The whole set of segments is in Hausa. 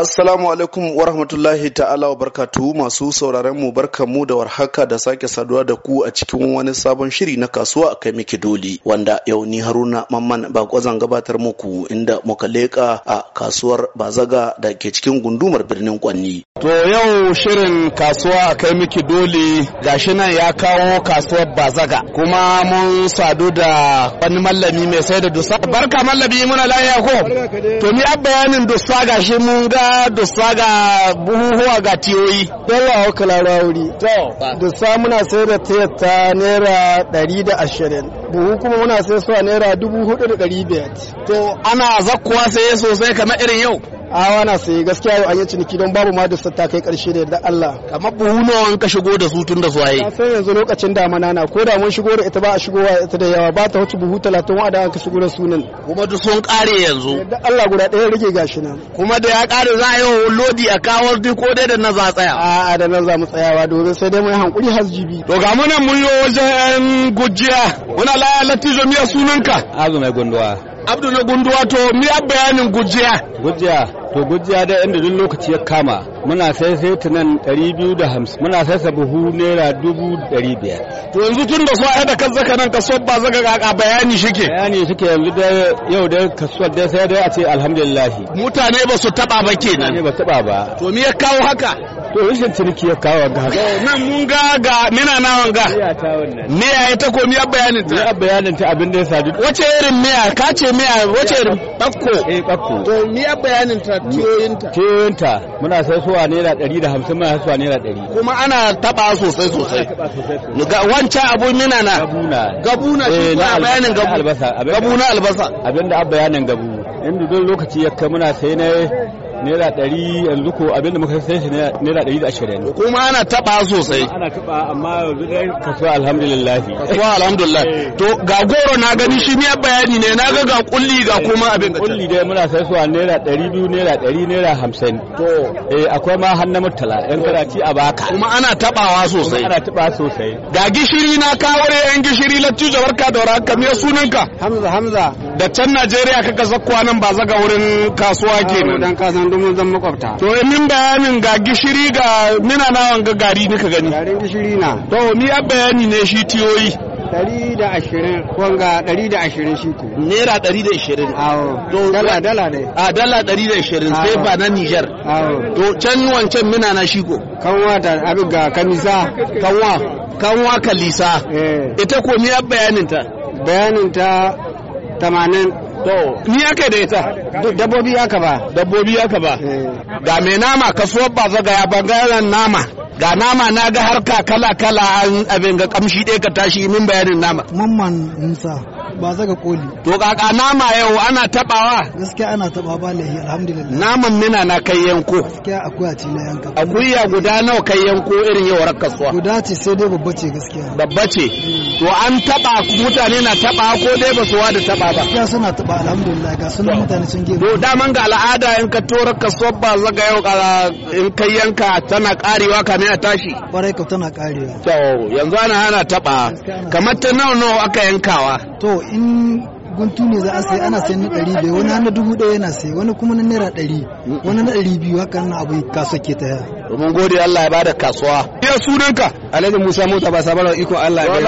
Assalamu alaikum wa rahmatullahi ta'ala wa barkatu masu sauraren mu barka mu da warhaka da sake saduwa da ku a cikin wani sabon shiri na kasuwa a kai miki doli wanda yau ni Haruna Mamman bako zan gabatar muku inda muka leka a kasuwar Bazaga da ke cikin gundumar birnin Kwanni. To yau shirin kasuwa a kai miki doli gashi nan ya kawo kasuwar Bazaga kuma mun sadu da wani mallami mai sai da dusa. Barka mallami muna lafiya ko? To ni bayanin dusa gashi mun ga dusa ga buhuhuwa ga tiyoyi. Bello a wakalara wuri. Dusa muna sai da tiyar ta naira ɗari da ashirin. Buhu kuma muna sai suwa naira dubu hudu da ɗari biyar. To ana zakkuwa sai sosai kamar irin yau. awa na sai gaskiya yau an yi ciniki don babu ma dusta ta kai karshe da Allah kamar buhu nawa ka shigo da su tun da zuwa yi sai yanzu lokacin damana na ko da mun shigo da ita ba a shigo wa ita da yawa ba ta wuce buhu 30 wa da aka shigo da sunan kuma duk sun kare yanzu da Allah guda ɗaya rage gashi nan kuma da ya kare za a yi wa lodi a kawar duk ko dai da na za tsaya a'a da nan za mu tsayawa domin sai dai mai hankuri jibi. to ga mu nan mun yi wajen gujiya muna laya latijo miya sunanka azumai gondowa Abdul Gunduwa to a bayanin gujiya. Gujiya to gujiya da inda duk lokaci ya kama muna sai sai tunan 250 muna sai sa buhu naira 500. To yanzu tun da so ai da kan zaka nan kaso ba zaka ga bayani shike. Bayani shike yanzu da yau da kaso da sai dai a ce alhamdulillah. Mutane ba su taba ba kenan. Mutane ba taba ba. To me ya kawo haka? to rashin ciniki ya kawo ga eh, nan mun ga ga mina na wanga miya ita ko miya bayanin ta miya bayanin ta abin da ya sadu wace irin miya ka ce miya wace irin bakko eh bakko to miya bayanin ta tiyoyin ta tiyoyin ta muna sai suwa naira 150 muna suwa da 100 kuma ana taba sosai sosai ga wancan abu mina na gabuna gabuna shi eh, ko bayanin gabu albasa gabuna albasa abin da yanin gabu inda duk lokaci ya kai muna sai na naira ɗari yanzu ko abinda muka sai shi naira ɗari da ashirin. Kuma ana taɓa sosai. Ana taɓa amma yanzu dai kasuwa alhamdulillah. Kasuwa alhamdulillah. Eh. To ga goro na gani shi ne bayani ne na ga ga kulli ga eh, kuma abin Kulli dai muna sai suwa naira ɗari biyu naira ɗari naira hamsin. To. Eh akwai ma har na mutala yan karaci a baka. Kuma ana taɓawa sosai. Ana taɓa sosai. Ga gishiri na kawo yan gishiri lattijo barka da warhaka me sunanka? Hamza Hamza. da can Najeriya kaka zakkuwa nan ba zaga wurin kasuwa kenan dan ka san dumun zan makwabta to min bayanin ga gishiri ga mina nawan ga gari nika gani garin gishiri na to ni a bayani ne shi tiyoyi ɗari da ashirin wanga dari da ashirin shi ko. Naira dari da ashirin. Awo. To dala dala ne. A dala dari da ashirin sai ba na Nijar. Awo. To can wancan mina na shi ko. Kanwa ta abin ga kamisa. Kanwa. Kanwa kalisa. Eh. Ita ko ni bayanin ta. Bayanin ta tamanin to ni yake da ita dabbobi aka ba dabbobi aka ba eh. ga mai nama kaso ba zaga ya bangaren nama ga nama na ga harka kala kala an abin ga kamshi ɗaya ka tashi min bayanin nama mamman musa ba zaga koli to kaka nama yau ana tabawa gaskiya ana taba ba lahi alhamdulillah naman mina na kai yanko gaskiya akwai a na yanka akuya guda nawa kai yanko irin yau kasuwa guda ce sai dai babba ce gaskiya babba ce hmm. to an taba mutane na taba ko dai ba su da taba ba gaskiya suna taba alhamdulillah ga suna mutane sun gebe to daman ga al'ada in ka tora kasuwa ba zaga yau in kai yanka tana karewa kamin a tashi kwarai ka tana karewa to yanzu ana hana taba kamar ta nawa nawa aka yankawa to in guntu ne za a sai ana sayan na ɗari bai wani har na dubu ɗaya yana sai wani kuma na naira ɗari wani na ɗari biyu haka na abu kasuwa ke ta mun gode Allah ya bada kasuwa ya sunanka alhaji musa mota ba sabara iko allah yi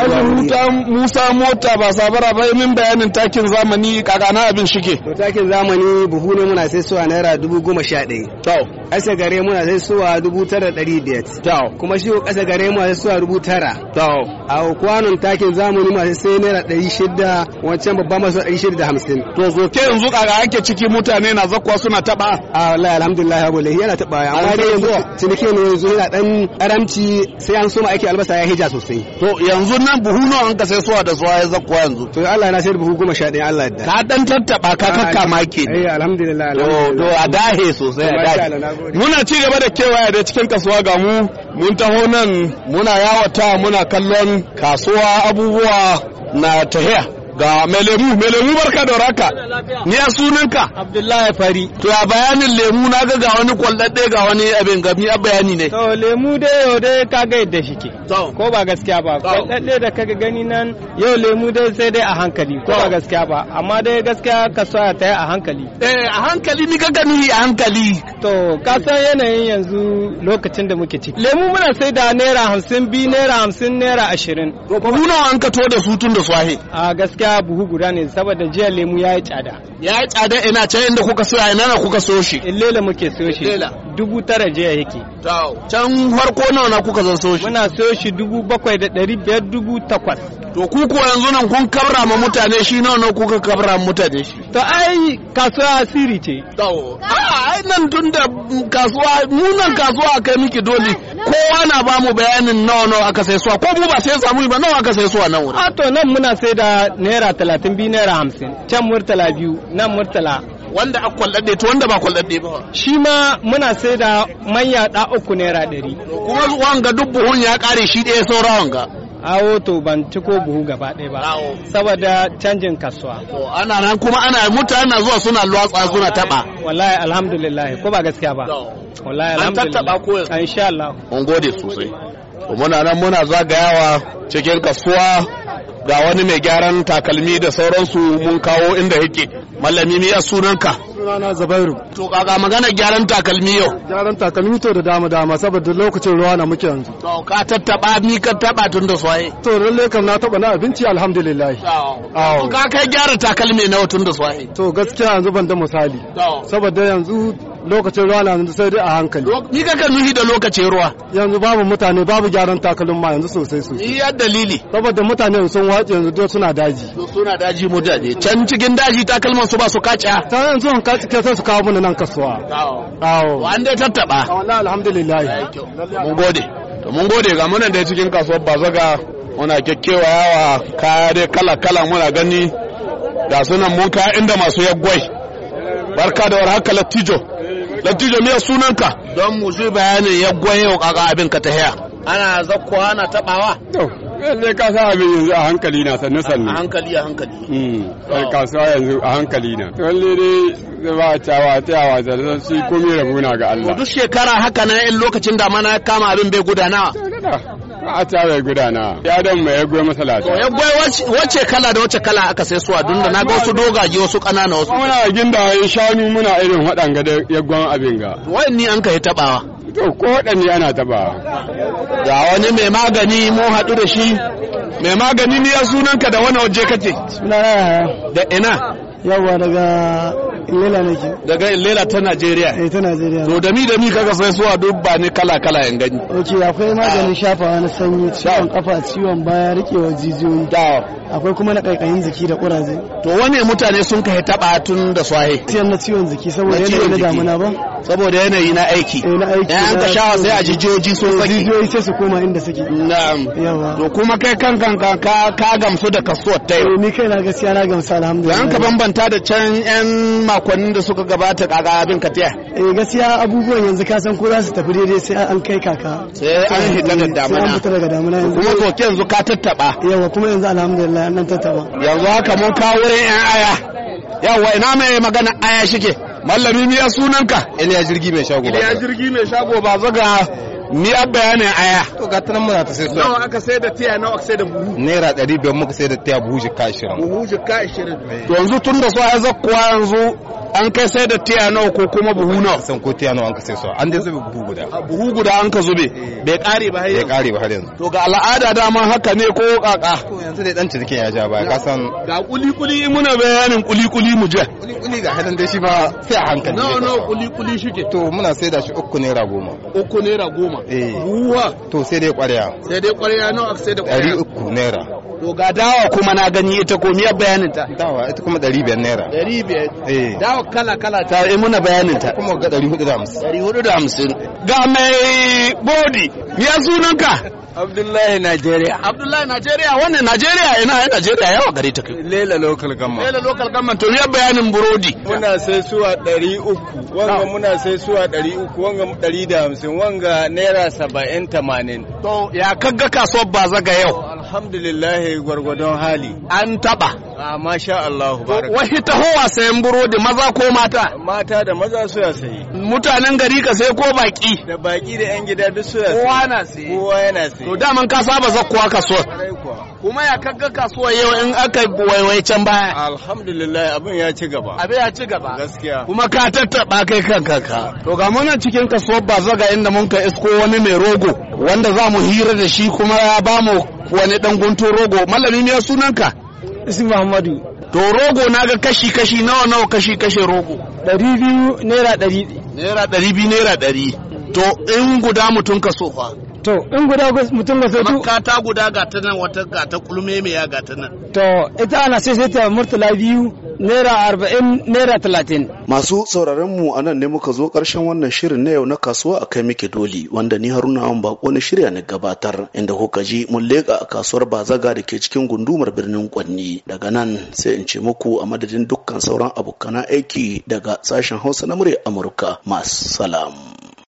wa musa mota ba sabara ba min bayanin takin zamani kakana abin shike to takin zamani buhu ne muna sai suwa naira dubu goma sha ɗaya to ƙasa gare muna sai suwa dubu tara ɗari biyar to kuma shi ƙasa gare muna sai suwa dubu tara to a kwanon takin zamani muna sai naira ɗari shida wancan babban masu ɗari shida da hamsin to zo ke yanzu kaga ake ciki mutane na zakwa suna taɓa a wallahi alhamdulillah ya yana taɓa amma dai yanzu ciniki ne yanzu yana ɗan ƙaramci sai an soma ake albasa ya hija sosai to yanzu nan buhu nawa an ka sai suwa da suwa ya zakkuwa yanzu to Allah na sayar buhu goma sha ɗaya Allah da ka dan tattaba ka ah, kakka maki eh alhamdulillah alhamdulillah. to a dahe sosai a dahe muna ci gaba da kewaya da cikin kasuwa ga mu mun taho nan muna yawata muna kallon kasuwa abubuwa na tahiya ga mai lemu mai lemu barka da raka ni a sunanka abdullahi fari to ya bayanin lemu na ga ga wani kwalladde ga wani abin ga ni a bayani ne to lemu dai yau dai ka ga yadda shi ke ko ba gaskiya ba kwalladde da kaga gani nan yau lemu dai sai dai a hankali ko ba gaskiya ba amma dai gaskiya ka soya ta a hankali eh a hankali ni ka gani a hankali To, kasan yanayin yanzu lokacin da muke ciki. Lemu muna sai da naira hamsin biyu, naira hamsin, naira ashirin. Buhu nawa an kato da su tun da ahe. A gaskiya buhu guda ne, saboda jiya lemu ya yi tsada. Ya yi tsada ina can inda kuka siya ina na kuka so shi. Illela muke so shi. Dubu tara jiya yake. Can farko nawa na kuka zan so shi? Muna so shi dubu bakwai da ɗari biyar dubu takwas. To ku kuwa yanzu nan kun kabra ma mutane shi nawa na kuka kabra mutane shi? To ai kasuwa asiri ce. To ai nan tun da kasuwa munan kasuwa kai miki dole kowa na ba mu bayanin nawa nawa aka sai suwa ko mu ba sai samu ba nawa aka sai suwa nan wurin. A to nan muna sai da naira talatin biyu naira hamsin can murtala biyu nan murtala wanda a kwalladde to wanda ba kwalladde ba shi ma muna sai da manya da uku naira ɗari kuma wanga duk buhun ya ƙare shi ɗaya saura wanga awo to ban ci ko buhu gaba ɗaya ba saboda canjin kasuwa ana nan kuma ana mutane na zuwa suna luwatsa suna taba wallahi alhamdulillah ko ba gaskiya ba wallahi alhamdulillah an tattaba insha Allah mun gode sosai to muna nan muna zagayawa cikin kasuwa ga wani mai gyaran takalmi da sauransu mun kawo inda yake mallami me sunanka Sunana Zabairu. To kaga magana gyaran takalmi yau. Gyaran takalmi to da dama dama saboda lokacin ruwa na muke yanzu. To ka tattaba ni ka taba tun da swaye. To lalle kam na taba na abinci alhamdulillah. To ka kai gyara takalmi na tun da swaye. To gaskiya yanzu ban da misali. Saboda yanzu lokacin ruwa na sai dai a hankali ni ka kaka nuhi da lokacin ruwa yanzu babu mutane babu gyaran takalin ma yanzu sosai sosai iya dalili saboda mutane sun wace yanzu duk suna daji suna daji mutane can cikin daji takalman su ba su kaca ta yanzu an kaci ke sai su kawo mun nan kasuwa awo an dai tattaba wallahi alhamdulillah mun gode to mun gode ga munan da cikin kasuwar bazaga muna yawa kaya dai kala kala muna gani da sunan mun kaya inda masu yaggwai barka da war haka lattijo Lattijo miya sunanka? Don mu shi bayanin ya gwaye kaka abin ka ta haya. Ana zakko ana tabawa. ne ka sa abin yanzu a hankali na sannu sannu a hankali a hankali hmm, kasuwa yanzu a hankali na wani ne ba a cawa ta yawa da shi komi rabuna ga Allah duk shekara haka na in lokacin mana ya kama abin bai gudana a tare gudana ya dan mai ya goyi masalata ya goyi wacce kala da wacce kala aka sai suwa dun da na ga wasu dogaje wasu kanana wasu muna ginda shanu muna irin waɗanga da ya gwan abin ga ni an kai tabawa to ko waɗanne ana tabawa ga wani mai magani mun hadu da shi mai magani ne ya sunanka da wani waje kake sunana da ina yawa daga ne ke. daga illela ta najeriya eh ta najeriya to dami dami kaga sai suwa duk ba ne kala kala yan gani oke akwai maganin shafawa na sanyi ciwon kafa ciwon baya rikewa jijiyoyi akwai kuma na kaikayin jiki da kuraje To wane mutane sun kai taɓa tun da swahe? Ciyan na ciwon jiki saboda yanayi na damuna ba. Saboda yanayi na aiki. Eh na aiki. Yan ka sha sai a jijoji so eh, saki. jijoji sai su koma inda suke. Na'am. Yawa. To kuma kai kan kan ka ka gamsu da kasuwar ta yau. Eh, ni kai na gaskiya na gamsu alhamdulillah. an ka bambanta da can yan makonnin da suka gabata kaga abin ka tiya. Eh gaskiya abubuwan yanzu ka san ko za su tafi daidai sai an kai kaka. Sai an hita da damuna. daga damuna Kuma to yanzu ka tattaba Yawa kuma yanzu alhamdulillah yanzu haka mun kawo wurin yan aya yawa ina mai magana aya shike mallami miya sunanka iliya jirgi mai shago iliya jirgi mai shago ba zaga ni a bayanin aya to ga tanan muna ta sai su nawa aka sai da tiya nawa aka sai da buhu naira 500 muka sai da tiya buhu jikka 20 buhu jikka 20 to yanzu tun da su aya zakkuwa yanzu an kai sai da tiya nawa ko kuma buhu nawa san ko tiya nawa an kai sai su an dai zube buhu guda buhu guda an ka zube eh. bai kare ba har yanzu bai kare ba har yanzu to ga al'ada dama haka ne ko kaka to yanzu dai dan cikin ya ja baya ka san ga kuli kuli muna bayanin kuli kuli mu je kuli kuli ga hadan dai shi ba sai a hankali no no kuli kuli shike to muna sai da shi uku naira goma uku naira goma buwa eh, to sai dai kwarya sai dai kwarya no a sai da kwarya uku naira to ga dawa kuma na gani ita ko miyar bayanin ta dawa ita kuma 500 naira dari eh dawa kala kala ta yi muna bayanin ta kuma ga da hamsin ga mai bodi ya sunanka Abdullahi Najeriya. Abdullahi Najeriya wannan Najeriya ina yana Najeriya yawa gari ta kai. Lela local gamma. Lela local gamma to ya bayanin burodi. Muna sai suwa ɗari uku, wanga muna sai suwa ɗari uku, wanga ɗari da hamsin, wanga naira saba'in tamanin. To ya kagga kasuwar zaga yau. alhamdulillah gwargwadon hali an taba a masha Allah wahi a sayan burodi maza ko mata mata da maza suya sayi mutanen gari ka sai ko baki da baki da yan gida duk suya kowa na sayi kowa yana sayi to daman ka saba zakkuwa kaso kuma ya kaga kasuwa yau in aka waiwai can baya alhamdulillah abin ya ci gaba abin ya ci gaba gaskiya kuma ka tattaba kai kanka ka to ga muna cikin kasuwar ba ga inda mun ka isko wani mai rogo wanda za mu hira da shi kuma ya ba mu wani dan guntun rogo malami ne sunanka ismi muhammadu to rogo na ga kashi kashi nawa nawa kashi kashi rogo ɗari biyu naira ɗari naira ɗari biyu naira ɗari to in guda mutum ka so fa to in guda mutum ba sai duk? ta guda ga ta nan wata ga ta kulme mai ya ga ta nan to ita ana sai sai ta murtala biyu naira arba'in naira talatin masu sauraron mu a nan ne muka zo karshen wannan shirin na yau na kasuwa a kai muke doli wanda ni haruna an bako na shirya na gabatar inda kuka ji mun leƙa a kasuwar bazaga da ke cikin gundumar birnin kwanni daga nan sai in ce muku a madadin dukkan sauran abokan aiki daga sashen hausa na murya amurka masu salam